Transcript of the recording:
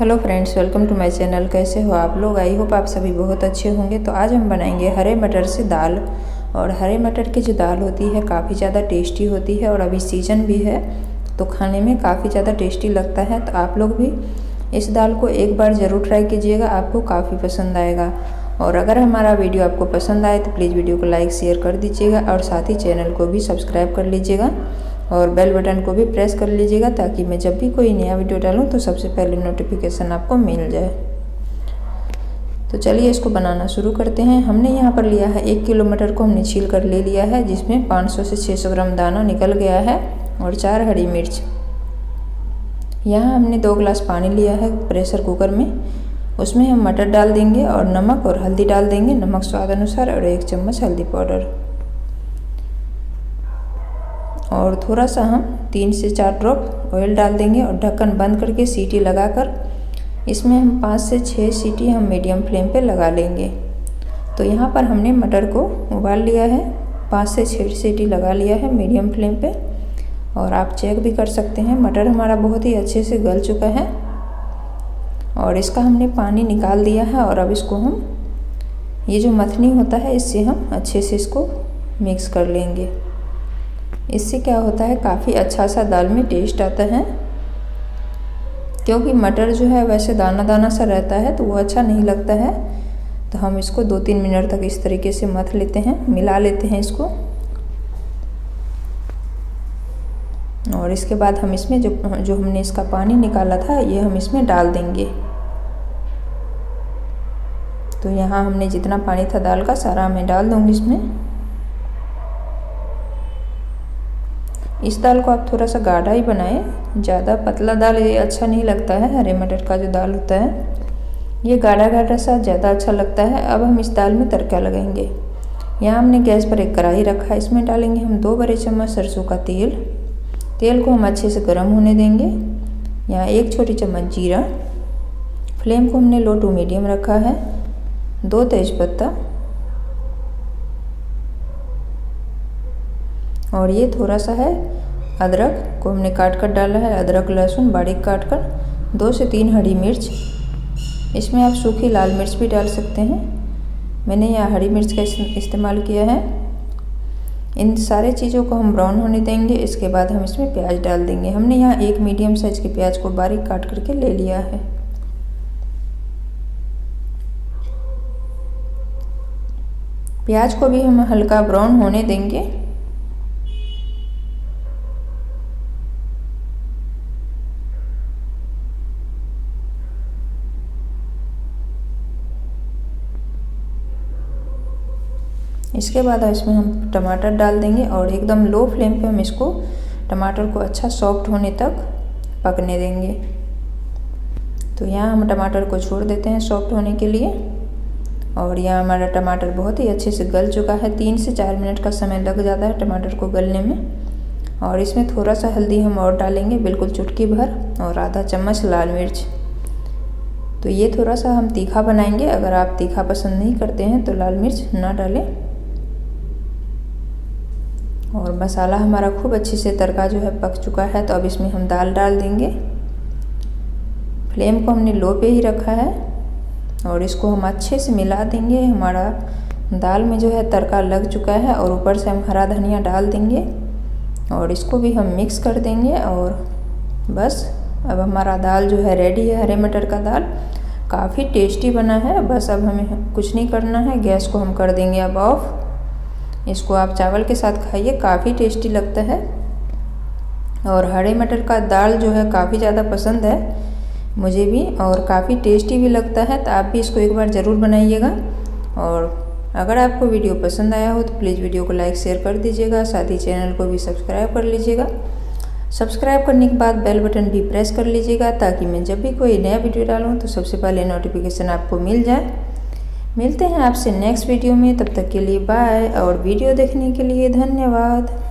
hello friends welcome to my channel कैसे हो आप लोग आई होप आप सभी बहुत अच्छे होंगे तो आज हम बनाएंगे हरे मटर से दाल और हरे मटर की जो दाल होती है काफ़ी ज़्यादा टेस्टी होती है और अभी सीजन भी है तो खाने में काफ़ी ज़्यादा टेस्टी लगता है तो आप लोग भी इस दाल को एक बार ज़रूर ट्राई कीजिएगा आपको काफ़ी पसंद आएगा और अगर हमारा वीडियो आपको पसंद आए तो प्लीज़ वीडियो को लाइक शेयर कर दीजिएगा और साथ ही चैनल को भी सब्सक्राइब कर लीजिएगा और बेल बटन को भी प्रेस कर लीजिएगा ताकि मैं जब भी कोई नया वीडियो डालूँ तो सबसे पहले नोटिफिकेशन आपको मिल जाए तो चलिए इसको बनाना शुरू करते हैं हमने यहाँ पर लिया है एक किलो मटर को हमने छील कर ले लिया है जिसमें 500 से 600 ग्राम दाना निकल गया है और चार हरी मिर्च यहाँ हमने दो ग्लास पानी लिया है प्रेशर कुकर में उसमें हम मटर डाल देंगे और नमक और हल्दी डाल देंगे नमक स्वाद अनुसार और एक चम्मच हल्दी पाउडर और थोड़ा सा हम तीन से चार ड्रॉप ऑयल डाल देंगे और ढक्कन बंद करके सीटी लगाकर इसमें हम पाँच से छः सीटी हम मीडियम फ्लेम पे लगा लेंगे तो यहाँ पर हमने मटर को उबाल लिया है पाँच से छः सीटी लगा लिया है मीडियम फ्लेम पे और आप चेक भी कर सकते हैं मटर हमारा बहुत ही अच्छे से गल चुका है और इसका हमने पानी निकाल दिया है और अब इसको हम ये जो मथनी होता है इससे हम अच्छे से इसको मिक्स कर लेंगे इससे क्या होता है काफ़ी अच्छा सा दाल में टेस्ट आता है क्योंकि मटर जो है वैसे दाना दाना सा रहता है तो वो अच्छा नहीं लगता है तो हम इसको दो तीन मिनट तक इस तरीके से मथ लेते हैं मिला लेते हैं इसको और इसके बाद हम इसमें जो जो हमने इसका पानी निकाला था ये हम इसमें डाल देंगे तो यहाँ हमने जितना पानी था दाल का सारा मैं डाल दूँगी इसमें इस दाल को आप थोड़ा सा गाढ़ा ही बनाएं ज़्यादा पतला दाल ये अच्छा नहीं लगता है हरे मटर का जो दाल होता है ये गाढ़ा गाढ़ा सा ज़्यादा अच्छा लगता है अब हम इस दाल में तड़का लगाएंगे यहाँ हमने गैस पर एक कढ़ाई रखा है इसमें डालेंगे हम दो बड़े चम्मच सरसों का तेल तेल को हम अच्छे से गर्म होने देंगे यहाँ एक छोटी चम्मच जीरा फ्लेम को हमने लो टू मीडियम रखा है दो तेज़पत्ता और ये थोड़ा सा है अदरक को हमने काट कर डाला है अदरक लहसुन बारीक काट कर दो से तीन हरी मिर्च इसमें आप सूखी लाल मिर्च भी डाल सकते हैं मैंने यहाँ हरी मिर्च का इस्तेमाल किया है इन सारे चीज़ों को हम ब्राउन होने देंगे इसके बाद हम इसमें प्याज डाल देंगे हमने यहाँ एक मीडियम साइज़ के प्याज को बारीक काट करके ले लिया है प्याज को भी हम हल्का ब्राउन होने देंगे इसके बाद इसमें हम टमाटर डाल देंगे और एकदम लो फ्लेम पे हम इसको टमाटर को अच्छा सॉफ्ट होने तक पकने देंगे तो यहाँ हम टमाटर को छोड़ देते हैं सॉफ्ट होने के लिए और यहाँ हमारा टमाटर बहुत ही अच्छे से गल चुका है तीन से चार मिनट का समय लग जाता है टमाटर को गलने में और इसमें थोड़ा सा हल्दी हम और डालेंगे बिल्कुल चुटकी भर और आधा चम्मच लाल मिर्च तो ये थोड़ा सा हम तीखा बनाएंगे अगर आप तीखा पसंद नहीं करते हैं तो लाल मिर्च ना डालें और मसाला हमारा खूब अच्छे से तड़का जो है पक चुका है तो अब इसमें हम दाल डाल देंगे फ्लेम को हमने लो पे ही रखा है और इसको हम अच्छे से मिला देंगे हमारा दाल में जो है तड़का लग चुका है और ऊपर से हम हरा धनिया डाल देंगे और इसको भी हम मिक्स कर देंगे और बस अब हमारा दाल जो है रेडी है हरे मटर का दाल काफ़ी टेस्टी बना है बस अब हमें कुछ नहीं करना है गैस को हम कर देंगे अब ऑफ़ इसको आप चावल के साथ खाइए काफ़ी टेस्टी लगता है और हरे मटर का दाल जो है काफ़ी ज़्यादा पसंद है मुझे भी और काफ़ी टेस्टी भी लगता है तो आप भी इसको एक बार ज़रूर बनाइएगा और अगर आपको वीडियो पसंद आया हो तो प्लीज़ वीडियो को लाइक शेयर कर दीजिएगा साथ ही चैनल को भी सब्सक्राइब कर लीजिएगा सब्सक्राइब करने के बाद बेल बटन भी प्रेस कर लीजिएगा ताकि मैं जब भी कोई नया वीडियो डालूँ तो सबसे पहले नोटिफिकेशन आपको मिल जाए मिलते हैं आपसे नेक्स्ट वीडियो में तब तक के लिए बाय और वीडियो देखने के लिए धन्यवाद